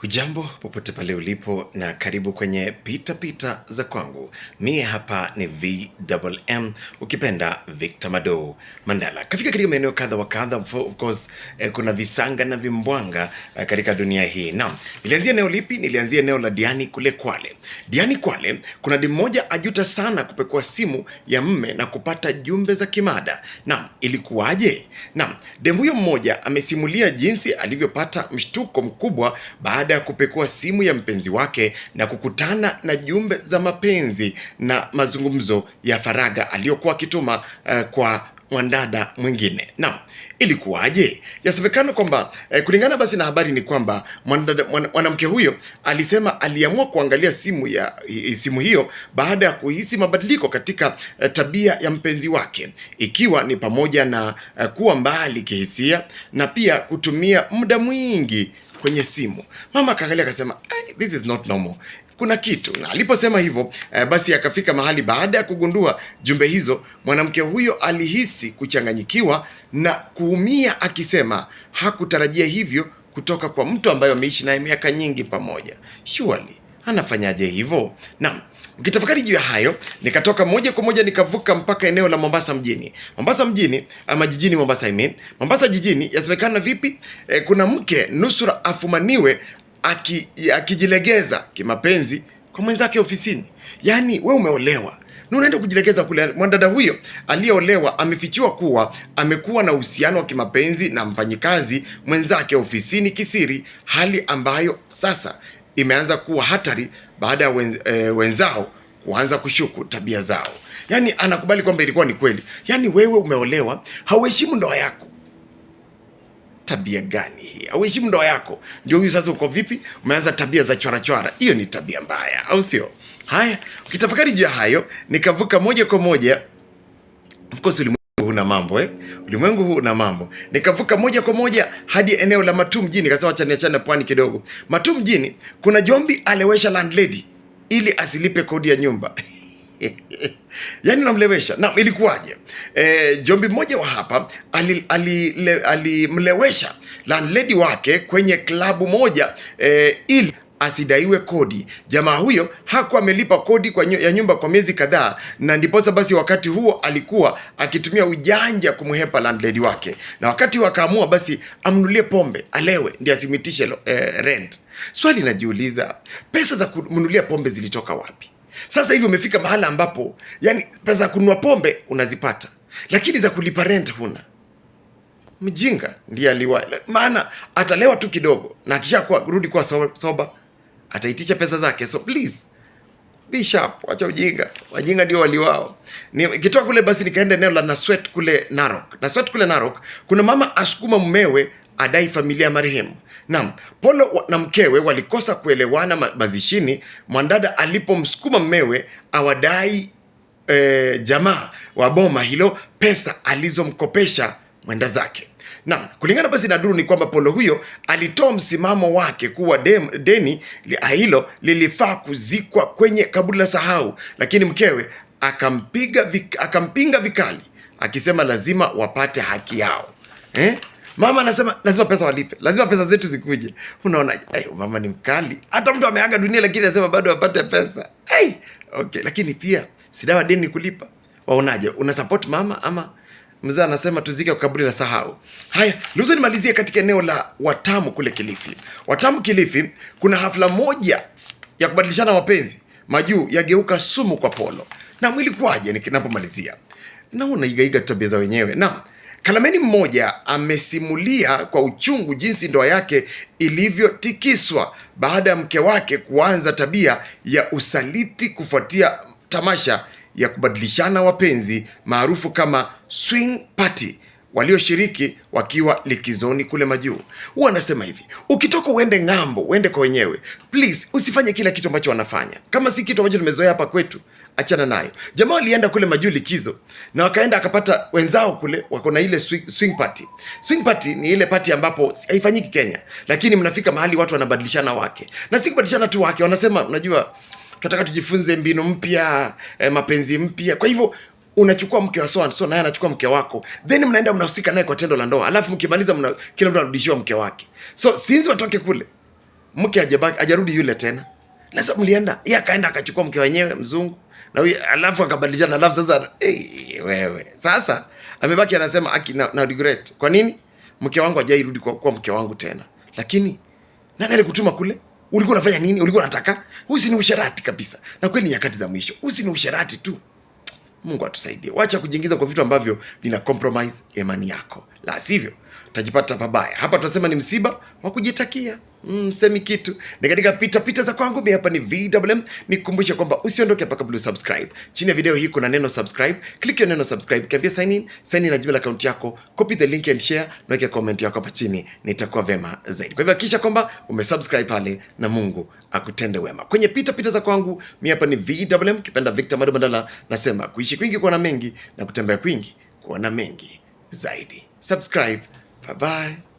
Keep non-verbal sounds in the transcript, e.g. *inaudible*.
Hujambo popote pale ulipo na karibu kwenye pita pita za kwangu. Mie hapa ni VMM, ukipenda Victor Mado Mandala. Kafika katika maeneo kadha wa kadha, of course eh, kuna visanga na vimbwanga eh, katika dunia hii. Naam, nilianzia eneo lipi? Nilianzia eneo la Diani kule Kwale. Diani Kwale, kuna di mmoja ajuta sana kupekua simu ya mme na kupata jumbe za kimada. Naam, ilikuwaje? Naam, dem huyo mmoja amesimulia jinsi alivyopata mshtuko mkubwa baada baada ya kupekua simu ya mpenzi wake na kukutana na jumbe za mapenzi na mazungumzo ya faraga aliyokuwa akituma uh, kwa mwandada mwingine. Naam, ilikuwaje? Yasemekana kwamba eh, kulingana basi na habari ni kwamba mwanamke mwan, huyo alisema aliamua kuangalia simu ya simu hiyo baada ya kuhisi mabadiliko katika eh, tabia ya mpenzi wake, ikiwa ni pamoja na eh, kuwa mbali kihisia na pia kutumia muda mwingi kwenye simu. Mama akaangalia akasema, eh, this is not normal, kuna kitu. Na aliposema hivyo eh, basi akafika mahali. Baada ya kugundua jumbe hizo, mwanamke huyo alihisi kuchanganyikiwa na kuumia, akisema hakutarajia hivyo kutoka kwa mtu ambaye ameishi naye miaka nyingi pamoja. Surely anafanyaje hivyo? nam ukitafakari juu ya hayo, nikatoka moja kwa moja nikavuka mpaka eneo la Mombasa mjini. Mombasa mjini ama jijini Mombasa, I mean. Mombasa jijini yasemekana vipi? E, kuna mke nusura afumaniwe aki, akijilegeza kimapenzi kwa mwenzake ofisini. Yaani we umeolewa na unaenda kujilegeza kule. mwandada huyo aliyeolewa amefichua kuwa amekuwa na uhusiano wa kimapenzi na mfanyikazi mwenzake ofisini kisiri, hali ambayo sasa imeanza kuwa hatari baada ya e, wenzao kuanza kushuku tabia zao. Yaani anakubali kwamba ilikuwa ni kweli. Yaani wewe umeolewa, hauheshimu ndoa yako. Tabia gani hii? Hauheshimu ndoa yako. Ndio huyu sasa uko vipi? Umeanza tabia za chwarachwara. Hiyo ni tabia mbaya, au sio? Haya, ukitafakari juu ya hayo, nikavuka moja kwa moja. Of course una mambo eh? Ulimwengu huu una mambo. Nikavuka moja kwa moja hadi eneo la matu mjini, kasema chana pwani kidogo. Matuu mjini kuna jombi alewesha landlady ili asilipe kodi ya nyumba *laughs* yaani namlewesha. na ilikuwaje? E, jombi mmoja wa hapa alimlewesha ali, ali landlady wake kwenye klabu moja e, ili asidaiwe kodi. Jamaa huyo hakuwa amelipa kodi kwa ya nyumba kwa miezi kadhaa, na ndiposa basi wakati huo alikuwa akitumia ujanja kumhepa landlady wake, na wakati wakaamua basi amnulie pombe alewe ndiye asimitishe eh, rent. Swali najiuliza, pesa za kununulia pombe zilitoka wapi? Sasa hivi umefika mahala ambapo yani pesa za kununua pombe unazipata, lakini za kulipa rent huna. Mjinga ndiye aliwa, maana atalewa tu kidogo na akisha kuwa, rudi kuwa soba ataitisha pesa zake. So please be sharp, ujinga. Wajinga ndio waliwao. nikitoa kule basi nikaenda eneo la Naswet kule Narok. Naswet kule Narok kuna mama asukuma mmewe adai familia ya marehemu. Naam, Polo na mkewe walikosa kuelewana mazishini, mwanadada alipomsukuma mmewe awadai e, jamaa wa boma hilo pesa alizomkopesha mwenda zake. Na kulingana basi na duru ni kwamba Polo huyo alitoa msimamo wake kuwa dem, deni ah, hilo lilifaa kuzikwa kwenye kaburi la sahau, lakini mkewe akampiga vik, akampinga vikali akisema lazima wapate haki yao eh? Mama anasema lazima pesa walipe, lazima pesa zetu zikuje. Unaona hey, mama ni mkali. Hata mtu ameaga dunia, lakini anasema bado apate pesa hey. Okay, lakini pia sidawa deni kulipa. Waonaje, una mama ama Mzee anasema tuzike kwa kaburi la sahau. Haya, luzo nimalizie katika eneo la Watamu kule Kilifi. Watamu Kilifi kuna hafla moja ya kubadilishana wapenzi, majuu yageuka sumu kwa polo. Na mwili kwaje nikinapomalizia. Naona igaiga tabia za wenyewe. Naam. Kalameni mmoja amesimulia kwa uchungu jinsi ndoa yake ilivyotikiswa baada ya mke wake kuanza tabia ya usaliti kufuatia tamasha ya kubadilishana wapenzi maarufu kama swing party walioshiriki wakiwa likizoni kule majuu. Huwa anasema hivi, ukitoka uende ng'ambo, uende kwa wenyewe, please usifanye kila kitu ambacho wanafanya. Kama si kitu ambacho tumezoea hapa kwetu, achana nayo. Jamaa walienda kule majuu likizo, na wakaenda akapata wenzao kule, wako na ile swing, swing party. Swing party ni ile party ambapo haifanyiki Kenya, lakini mnafika mahali watu wanabadilishana wake, na si kubadilishana tu wake, wanasema unajua tunataka tujifunze mbinu mpya e, mapenzi mpya. Kwa hivyo unachukua mke wa so so naye anachukua mke wako, then mnaenda mnahusika naye kwa tendo la ndoa, alafu mkimaliza mna, kila mtu anarudishiwa mke wake. So sinzi watoke kule, mke hajabaki hajarudi yule tena, lazima mlienda, yeye akaenda akachukua mke wenyewe mzungu na huyu, alafu akabadilishana, alafu sasa hey, eh, wewe sasa amebaki anasema aki ah, na, na regret. Kwa nini mke wangu ajairudi kwa, kwa mke wangu tena? Lakini nani alikutuma kule? Ulikuwa unafanya nini? Ulikuwa unataka? Usi ni usharati kabisa. Na kweli ni nyakati za mwisho. Usi ni usharati tu. Mungu atusaidie. Wacha kujiingiza kwa vitu ambavyo vina compromise imani yako. La sivyo, utajipata pabaya. Hapa tunasema ni msiba wa kujitakia. Mm, semi kitu ni katika pita pita za kwangu. Mimi hapa ni VMM, Nikukumbusha kwamba usiondoke hapa kabla usubscribe. Chini ya video hii kuna neno subscribe, click hiyo neno subscribe, kiambia sign in, sign in na jina la account yako, copy the link and share, na weka comment yako hapa chini, nitakuwa vema zaidi. Kwa hivyo hakikisha kwamba umesubscribe pale, na Mungu akutende wema kwenye pita pita za kwangu. Mimi hapa ni VMM, kipenda Victor Madu Mandala, nasema kuishi kwingi kuona mengi na kutembea kwingi kuona mengi zaidi. Subscribe, bye bye.